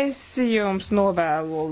Es jums novēlu.